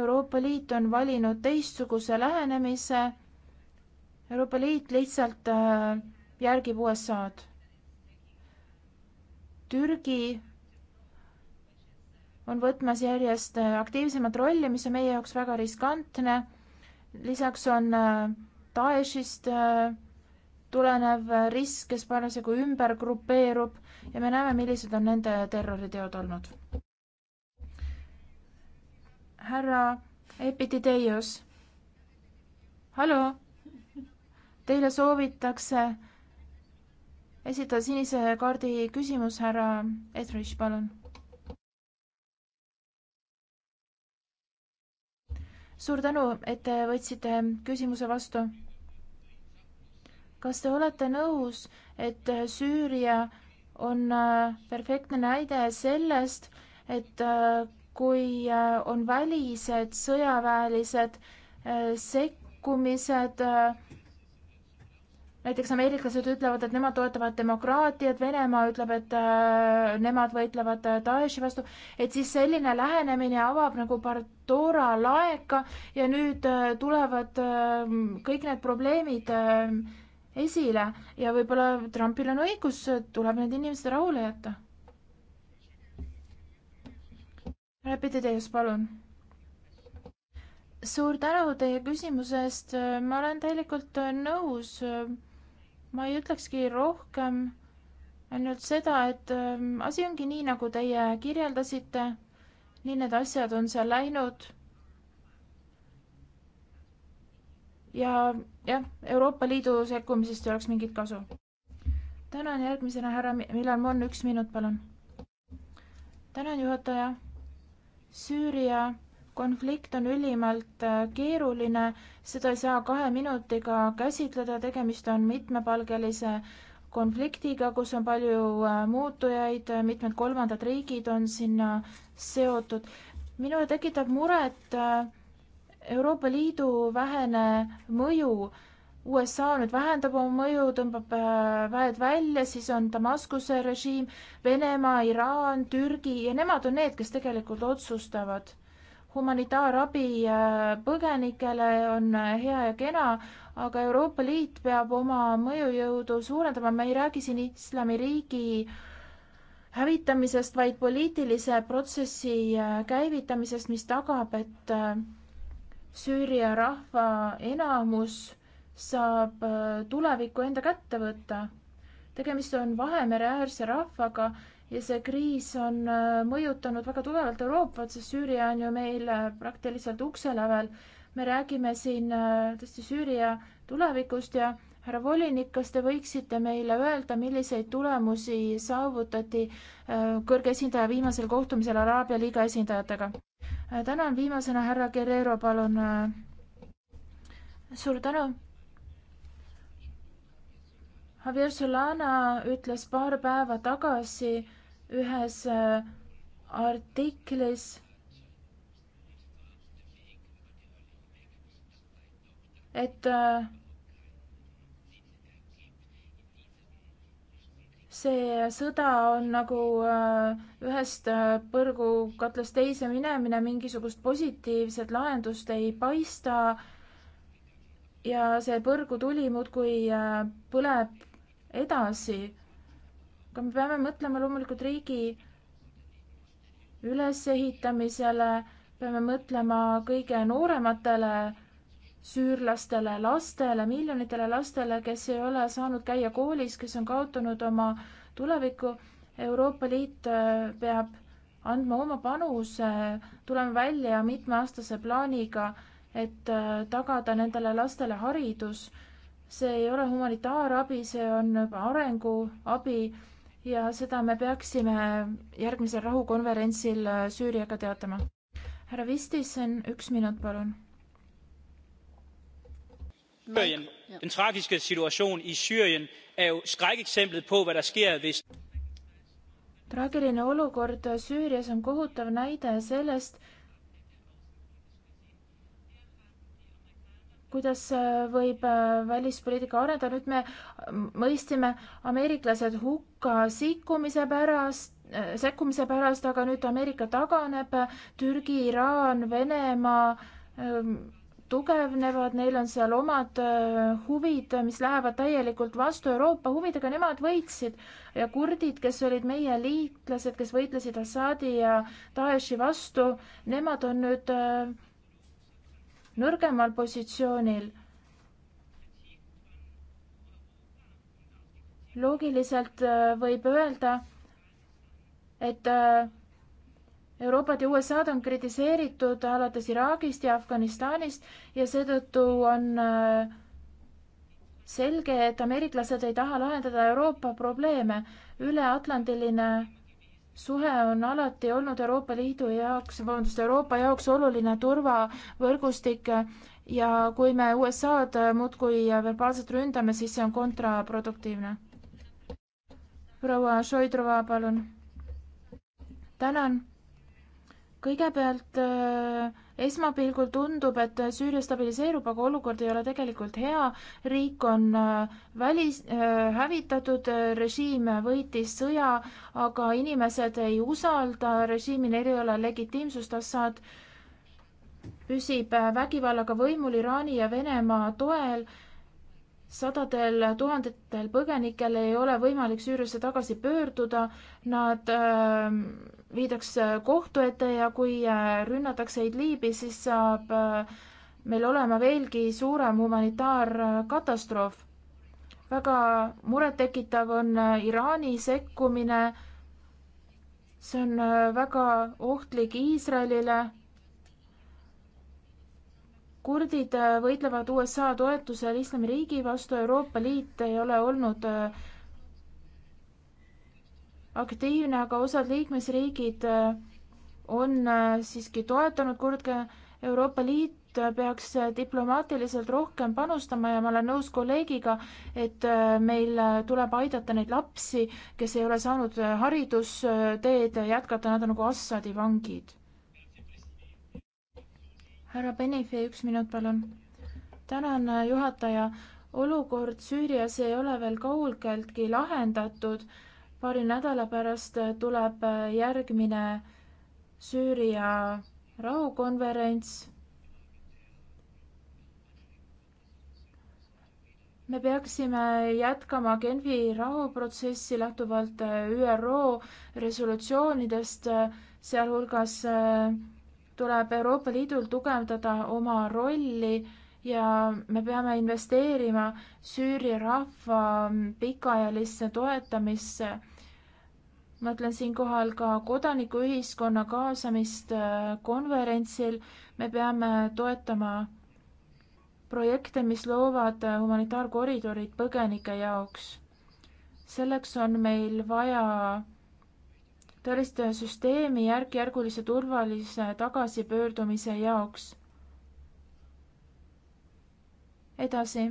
Speaker 1: Euroopa Liit on valinud teistsuguse lähenemise Euroopa Liit lihtsalt äh, järgib USA-d. Türgi on võtmas järjest äh, aktiivsemat rolli, mis on meie jaoks väga riskantne. lisaks on äh, Daeshist tulenev risk, kes parasjagu ümber grupeerub ja me näeme, millised on nende terroriteod olnud. härra Epitideios, hallo? Teile soovitakse esitada sinise kaardi küsimus, härra Edrich, palun. suur tänu, et te võtsite küsimuse vastu. kas te olete nõus, et Süüria on äh, perfektne näide sellest, et äh, kui äh, on välised sõjaväelised sekkumised äh, näiteks ameeriklased ütlevad, et nemad toetavad demokraatiat, Venemaa ütleb, et äh, nemad võitlevad äh, Daeshi vastu, et siis selline lähenemine avab nagu Pandora laeka ja nüüd äh, tulevad äh, kõik need probleemid äh, esile ja võib-olla Trumpil on õigus, tuleb need inimesed rahule jätta. Repite Teius, palun suur tänu teie küsimuse eest, ma olen täielikult äh, nõus äh, ma ei ütlekski rohkem ainult seda, et ähm, asi ongi nii, nagu teie kirjeldasite. nii need asjad on seal läinud. ja jah, Euroopa Liidu sekkumisest ei oleks mingit kasu. tänan järgmisena härra Milan Mon, üks minut, palun. tänan, juhataja. Süüria konflikt on ülimalt äh, keeruline, seda ei saa kahe minutiga käsitleda, tegemist on mitmepalgelise konfliktiga, kus on palju äh, muutujaid, mitmed kolmandad riigid on sinna seotud. minule tekitab muret äh, Euroopa Liidu vähene mõju. USA nüüd vähendab oma mõju, tõmbab väed välja, siis on Damaskuse režiim, Venemaa, Iraan, Türgi ja nemad on need, kes tegelikult otsustavad humanitaarabi äh, põgenikele on äh, hea ja kena, aga Euroopa Liit peab oma mõjujõudu suurendama, me ei räägi siin islamiriigi hävitamisest, vaid poliitilise protsessi äh, käivitamisest, mis tagab, et Süüria rahva enamus saab tuleviku enda kätte võtta. tegemist on Vahemere-äärse rahvaga ja see kriis on äh, mõjutanud väga tugevalt Euroopat, sest Süüria on ju meil äh, praktiliselt ukse lävel. me räägime siin äh, tõesti Süüria tulevikust ja härra volinik, kas te võiksite meile öelda, milliseid tulemusi saavutati kõrge esindaja viimasel kohtumisel Araabia liiga esindajatega? tänan, viimasena härra Guerrero, palun. suur tänu. Javier Solana ütles paar päeva tagasi, ühes äh, artiklis et äh, see sõda on nagu äh, ühest põrgukatlast teise minemine, mingisugust positiivset lahendust ei paista. ja see põrgutuli muudkui põleb edasi aga me peame mõtlema loomulikult riigi ülesehitamisele, peame mõtlema kõige noorematele süürlastele, lastele, miljonitele lastele, kes ei ole saanud käia koolis, kes on kaotanud oma tuleviku. Euroopa Liit äh, peab andma oma panuse, tulema välja mitmeaastase plaaniga, et äh, tagada nendele lastele haridus. see ei ole humanitaarabi, see on juba arenguabi ja seda me peaksime järgmisel rahukonverentsil äh, Süüriaga teatama. härra Vistisen, üks minut, palun.
Speaker 2: Den tragiske situation i Syrien er jo skrækeksemplet på, hvad der sker, hvis
Speaker 1: traagiline olukord Süürias on kohutav näide sellest, kuidas äh, võib äh, välispoliitika areneda, nüüd me äh, mõistsime ameeriklased hukka sikkumise pärast, sekkumise pärast, aga nüüd Ameerika taganeb, Türgi, Iraan, Venemaa ähm, tugevnevad, neil on seal omad huvid, mis lähevad täielikult vastu Euroopa huvidega, nemad võitsid. ja kurdid, kes olid meie liitlased, kes võitlesid Assaadi ja Daeshi vastu, nemad on nüüd äh, nõrgemal positsioonil. loogiliselt äh, võib öelda, et äh, Euroopat ja USA-d on kritiseeritud alates Iraagist ja Afganistanist ja seetõttu on äh, selge, et ameeriklased ei taha lahendada Euroopa probleeme. üleatlandiline suhe on alati olnud Euroopa Liidu jaoks, vabandust, Euroopa jaoks oluline turvavõrgustik ja kui me USA-d muudkui verbaalselt ründame, siis see on kontraproduktiivne. proua Šoidrova, palun. tänan. kõigepealt äh, esmapilgul tundub, et Süüria stabiliseerub, aga olukord ei ole tegelikult hea. riik on äh, välis äh,, hävitatud, režiim võitis sõja, aga inimesed ei usalda režiimi, neil ei ole legitiimsust, Assad püsib äh, vägivallaga võimul Iraani ja Venemaa toel. sadadel tuhandetel põgenikel ei ole võimalik Süüriasse tagasi pöörduda, nad äh, viidaks äh, kohtu ette ja kui äh, rünnatakse Idlibi, siis saab äh, meil olema veelgi suurem humanitaarkatastroof. väga murettekitav on Iraani sekkumine. see on väga ohtlik Iisraelile. kurdid võitlevad USA toetusel Islamiriigi vastu, Euroopa Liit ei ole olnud äh, aktiivne, aga osad liikmesriigid äh, on äh, siiski toetanud, kuulge, Euroopa Liit äh, peaks diplomaatiliselt rohkem panustama ja ma olen nõus kolleegiga, et meil tuleb aidata neid lapsi, kes ei ole saanud haridusteed jätkata, nad on nagu Assadi vangid. härra Benefi, üks minut, palun. tänan, juhataja. olukord Süürias ei ole veel kaugeltki lahendatud paari nädala pärast tuleb järgmine Süüria rahukonverents. me peaksime jätkama Genfi rahuprotsessi lähtuvalt ÜRO resolutsioonidest, sealhulgas äh, tuleb Euroopa Liidul tugevdada oma rolli ja me peame investeerima Süüria rahva pikaajalisse toetamisse ma ütlen siinkohal ka kodanikuühiskonna kaasamist äh, konverentsil. me peame toetama projekte, mis loovad äh, humanitaarkoridorid põgenike jaoks. selleks on meil vaja tõelist süsteemi järk-järgulise turvalise tagasipöördumise jaoks. edasi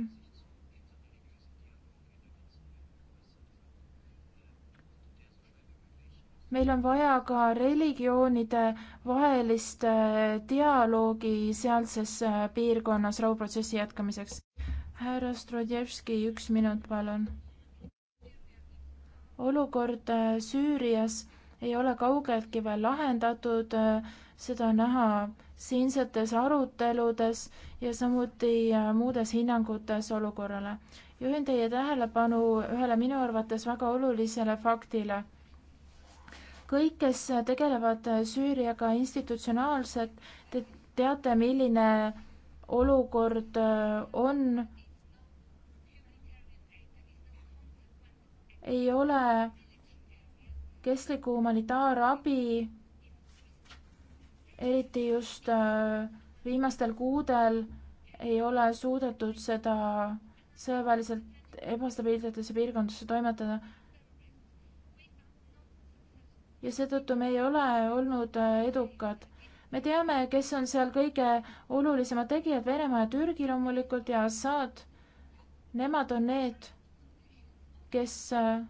Speaker 1: meil on vaja ka religioonide vahelist äh, dialoogi sealses äh, piirkonnas rahuprotsessi jätkamiseks. härra Strodjevski, üks minut, palun. olukord äh, Süürias ei ole kaugeltki veel lahendatud, seda on näha siinsetes aruteludes ja samuti muudes hinnangutes olukorrale. juhin teie tähelepanu ühele minu arvates väga olulisele faktile kõik, kes tegelevad Süüriaga institutsionaalselt, te teate, milline olukord äh, on. ei ole kestlikku humanitaarabi, eriti just äh, viimastel kuudel ei ole suudetud seda sõjaväeliselt ebastabiilsetesse piirkondadesse toimetada ja seetõttu me ei ole olnud äh, edukad. me teame, kes on seal kõige olulisemad tegijad, Venemaa ja Türgi loomulikult ja Assad. Nemad on need, kes äh,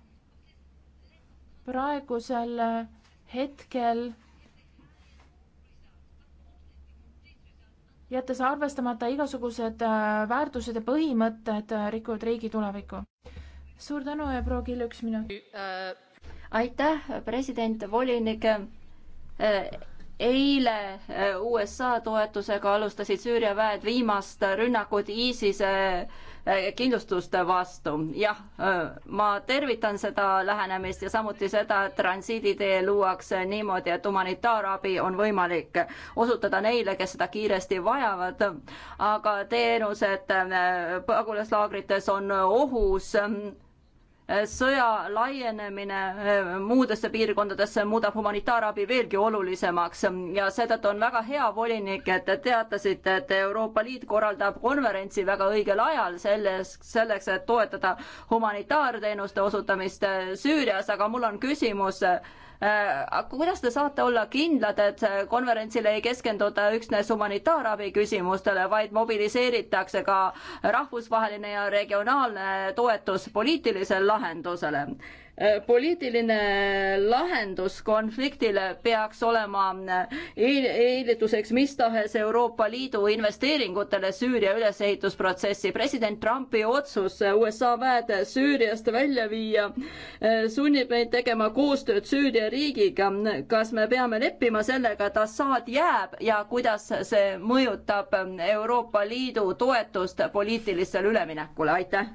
Speaker 1: praegusel äh, hetkel jättes arvestamata igasugused väärtused ja põhimõtted, rikuvad riigi tulevikku. suur tänu ja proua
Speaker 2: Kill, üks minut uh aitäh, president, volinik äh, eile äh, USA toetusega alustasid Süüria väed viimast rünnakut ISISe äh, kindlustuste vastu. jah, ma tervitan seda lähenemist ja samuti seda, et transiiditee luuakse niimoodi, et humanitaarabi on võimalik osutada neile, kes seda kiiresti vajavad, aga teenused pagulaslaagrites on ohus sõja laienemine eh, muudesse piirkondadesse muudab humanitaarabi veelgi olulisemaks ja seetõttu on väga hea, volinik, et te teatasite, et Euroopa Liit korraldab konverentsi väga õigel ajal selles, selleks, et toetada humanitaarteenuste osutamist eh, Süürias, aga mul on küsimus Äh, aga kuidas te saate olla kindlad, et konverentsil ei keskenduta üksnes humanitaarabi küsimustele, vaid mobiliseeritakse ka rahvusvaheline ja regionaalne toetus poliitilisele lahendusele? Äh, poliitiline lahendus konfliktile peaks olema äh, eelduseks mis tahes Euroopa Liidu investeeringutele Süüria ülesehitusprotsessi. president Trumpi otsus USA väed Süüriast välja viia äh, sunnib meid tegema koostööd Süüria riigiga. kas me peame leppima sellega, et Assad jääb ja kuidas see mõjutab Euroopa Liidu toetust poliitilisele üleminekule, aitäh!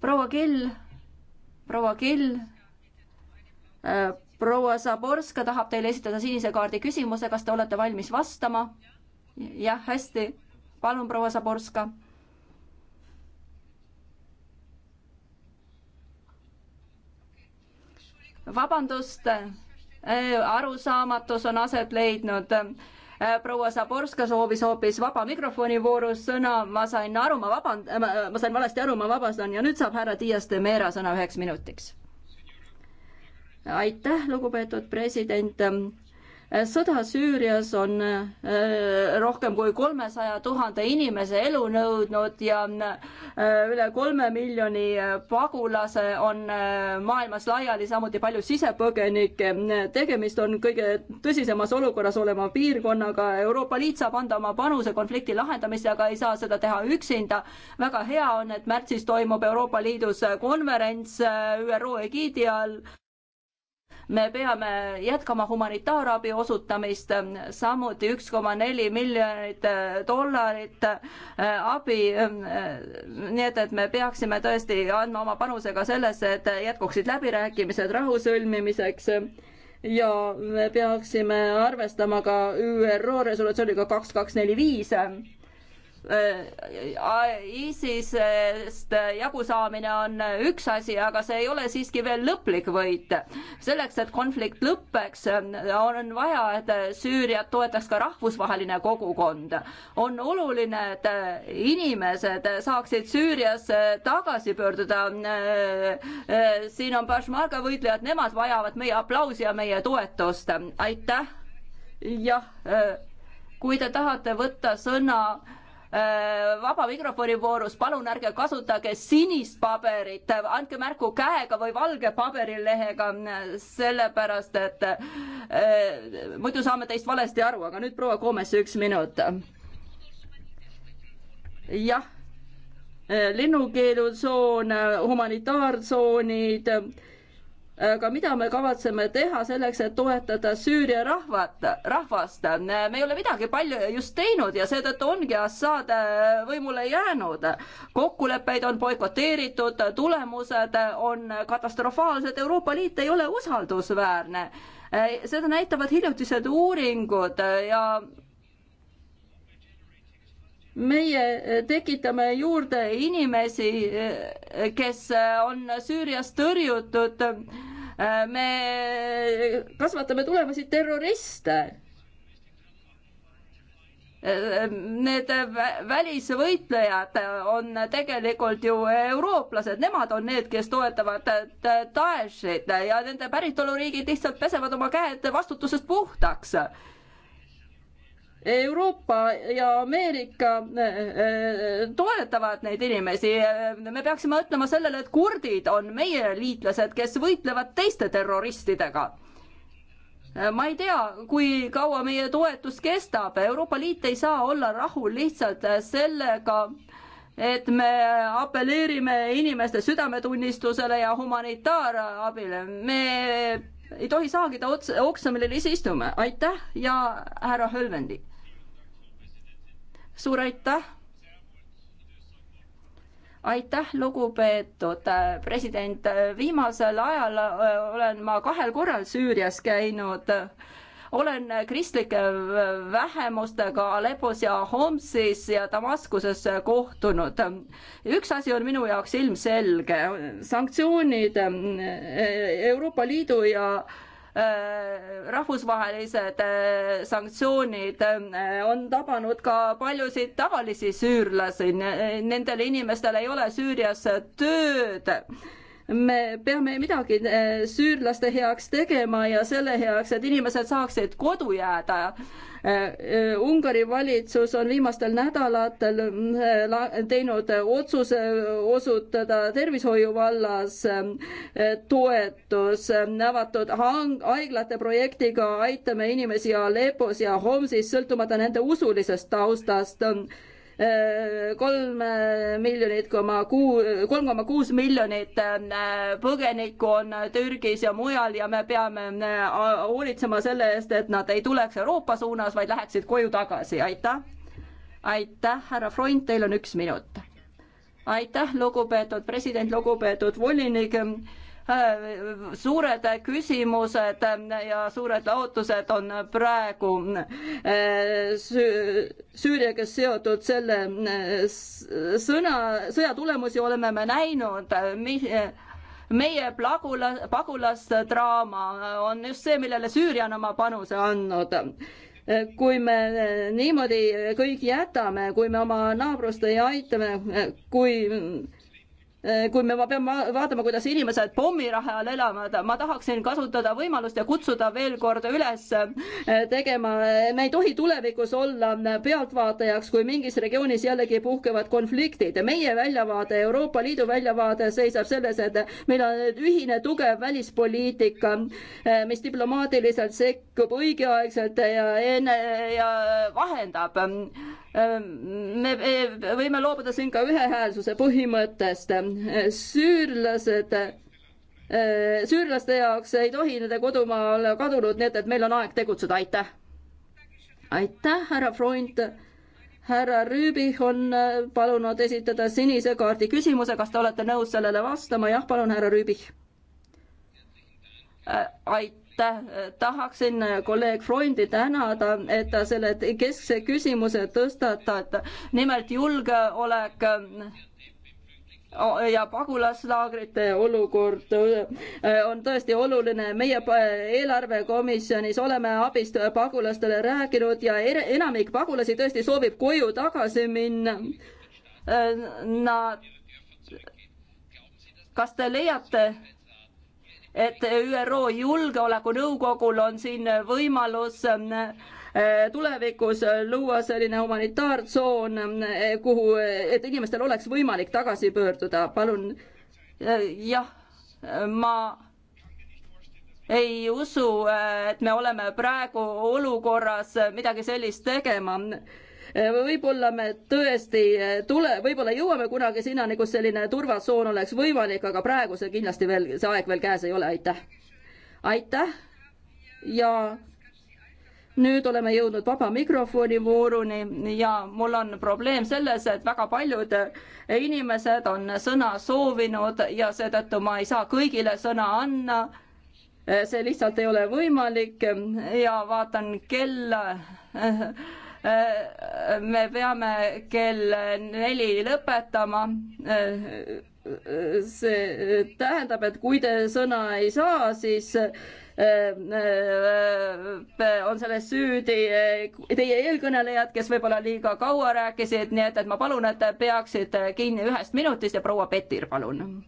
Speaker 2: proua Kell, proua Kell, äh, proua Zaborska tahab teile esitada sinise kaardi küsimuse, kas te olete valmis vastama? jah, hästi. palun, proua Zaborska. vabandust, äh, arusaamatus on aset leidnud Äh, proua Zaborska soovis hoopis vaba mikrofoni voorus sõna, ma sain aru, ma vaban-, äh, ma sain valesti aru, ma vabandan ja nüüd saab härra Dias de Meera sõna üheks minutiks. aitäh, lugupeetud president sõda Süürias on äh, rohkem kui kolmesaja tuhande inimese elu nõudnud ja äh, üle kolme miljoni äh, pagulase on maailmas laiali, samuti palju sisepõgenikke. tegemist on kõige tõsisemas olukorras oleva piirkonnaga. Euroopa Liit saab anda oma panuse konflikti lahendamisse, aga ei saa seda teha üksinda. väga hea on, et märtsis toimub Euroopa Liidus konverents ÜRO egiidi all me peame jätkama humanitaarabi osutamist, samuti üks koma neli miljonit äh, dollarit äh, abi. Äh, nii et, et me peaksime tõesti andma oma panuse ka sellesse, et jätkuksid läbirääkimised rahu sõlmimiseks ja me peaksime arvestama ka ÜRO resolutsiooniga kaks, kaks, neli, viis Äh, äh, ISISest jagusaamine on üks asi, aga see ei ole siiski veel lõplik võit. selleks, et konflikt lõpeks, on vaja, et Süüriat toetaks ka rahvusvaheline kogukond. on oluline, et inimesed saaksid Süüriasse tagasi pöörduda. Äh, siin on Peshmerga võitlejad, nemad vajavad meie aplausi ja meie toetust. aitäh. jah kui te tahate võtta sõna Äh, vaba mikrofoni voorus, palun ärge kasutage sinist paberit, andke märku käega või valge paberilehega, sellepärast et äh, muidu saame teist valesti aru, aga nüüd proua Koomes üks minut. jah, äh, linnukeelutsoon, humanitaartsoonid aga mida me kavatseme teha selleks, et toetada Süüria rahvat, rahvast? me ei ole midagi palju just teinud ja seetõttu ongi Assad äh, võimule jäänud. kokkuleppeid on boikoteeritud, tulemused on katastrofaalsed, Euroopa Liit ei ole usaldusväärne. Äh, seda näitavad hiljutised uuringud äh, ja meie tekitame juurde inimesi, kes on Süüriast tõrjutud Äh, me kasvatame tulevasi terroriste äh, need välisvõitlejad on tegelikult ju eurooplased, nemad on need, kes toetavad Daeshit ja nende päritoluriigid lihtsalt pesevad oma käed vastutusest puhtaks Euroopa ja Ameerika äh, äh, toetavad neid inimesi. me peaksime mõtlema sellele, et kurdid on meie liitlased, kes võitlevad teiste terroristidega ma ei tea, kui kaua meie toetus kestab, Euroopa Liit ei saa olla rahul lihtsalt sellega, et me apelleerime inimeste südametunnistusele ja humanitaarabile. me ei tohi saagida otse, oksa, millele ise istume. aitäh ja härra Hölvendi suur aitäh! aitäh, lugupeetud äh, president, äh, viimasel ajal äh, olen ma kahel korral Süürias käinud olen kristlike vähemustega Aleppos ja Homsis ja Damaskuses kohtunud. üks asi on minu jaoks ilmselge, sanktsioonid Euroopa Liidu ja rahvusvahelised äh, sanktsioonid äh, on tabanud ka paljusid tavalisi süürlasi, nendel inimestel ei ole Süürias tööd me peame midagi äh, süürlaste heaks tegema ja selle heaks, et inimesed saaksid kodu jääda. Äh, äh, Ungari valitsus on viimastel nädalatel äh, teinud otsuse osutada tervishoiu vallas toetus avatud haiglate projektiga Aitame inimesi Aleppos ja Homsis, sõltumata nende usulisest taustast kolm miljonit koma kuu, kolm koma kuus miljonit äh, põgenikku on Türgis ja mujal ja me peame äh, hoolitsema selle eest, et nad ei tuleks Euroopa suunas, vaid läheksid koju tagasi, aitäh. aitäh, härra Freund, teil on üks minut. aitäh, lugupeetud president, lugupeetud volinik suured küsimused ja suured ootused on praegu äh, Süüriaga seotud selle äh, sõna, sõja tulemusi oleme me näinud, meie pagula-, pagulasdraama on just see, millele Süüria on oma panuse andnud kui me niimoodi kõik jätame, kui me oma naabrust ei aitame, kui Äh, kui me peame vaatama, kuidas inimesed pommirahe all elavad, ma tahaksin kasutada võimalust ja kutsuda veel kord üles äh, tegema, me ei tohi tulevikus olla pealtvaatajaks, kui mingis regioonis jällegi puhkevad konfliktid. meie väljavaade, Euroopa Liidu väljavaade seisab selles, et meil on ühine tugev välispoliitika, äh, mis diplomaatiliselt sekkub õigeaegselt ja enne ja vahendab me võime loobuda siin ka ühehäälsuse põhimõttest süürlased, äh, süürlaste jaoks ei tohi nende kodumaal kadunud, nii et, et meil on aeg tegutseda, aitäh. aitäh, härra Freund. härra Rüübich on äh, palunud esitada sinise kaardi küsimuse, kas te olete nõus sellele vastama, jah, palun, härra Rüübich. aitäh aitäh, tahaksin äh, kolleeg Freundi tänada, et ta selle keskse küsimuse tõstatab, nimelt julgeolek ja pagulaslaagrite eh, olukord eh, on tõesti oluline. meie eh, eelarvekomisjonis oleme abist pagulastele rääkinud ja enamik pagulasi tõesti soovib koju tagasi minna. Nad, kas te leiate, et ÜRO Julgeolekunõukogul on siin võimalus Äh, tulevikus luua selline humanitaartsoon, äh, kuhu, et inimestel oleks võimalik tagasi pöörduda, palun. Äh, jah, ma ei usu, et me oleme praegu olukorras midagi sellist tegema võib-olla me tõesti tule, võib-olla jõuame kunagi sinnani, kus selline turvatsoon oleks võimalik, aga praegu see kindlasti veel, see aeg veel käes ei ole, aitäh. aitäh ja nüüd oleme jõudnud vaba mikrofoni vooruni ja mul on probleem selles, et väga paljud inimesed on sõna soovinud ja seetõttu ma ei saa kõigile sõna anda. see lihtsalt ei ole võimalik ja vaatan kella. me peame kell neli lõpetama see tähendab, et kui te sõna ei saa, siis Äh, äh, äh, on selles süüdi teie eelkõnelejad, kes võib-olla liiga kaua rääkisid, nii et, et ma palun, et peaksite kinni ühest minutist ja proua Petir, palun.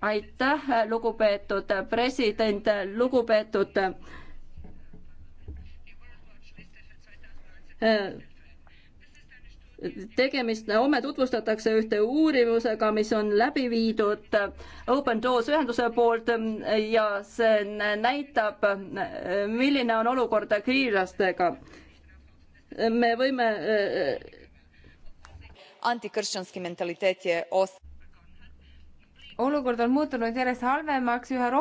Speaker 2: aitäh, lugupeetud president, lugupeetud äh, tegemist, homme tutvustatakse ühte uurimusega, mis on läbi viidud Open Doors ühenduse poolt ja see näitab, milline on olukord kiirlastega. me võime äh, antikršćanski
Speaker 3: mentalitet je olukord on muutunud järjest halvemaks, üha rohkem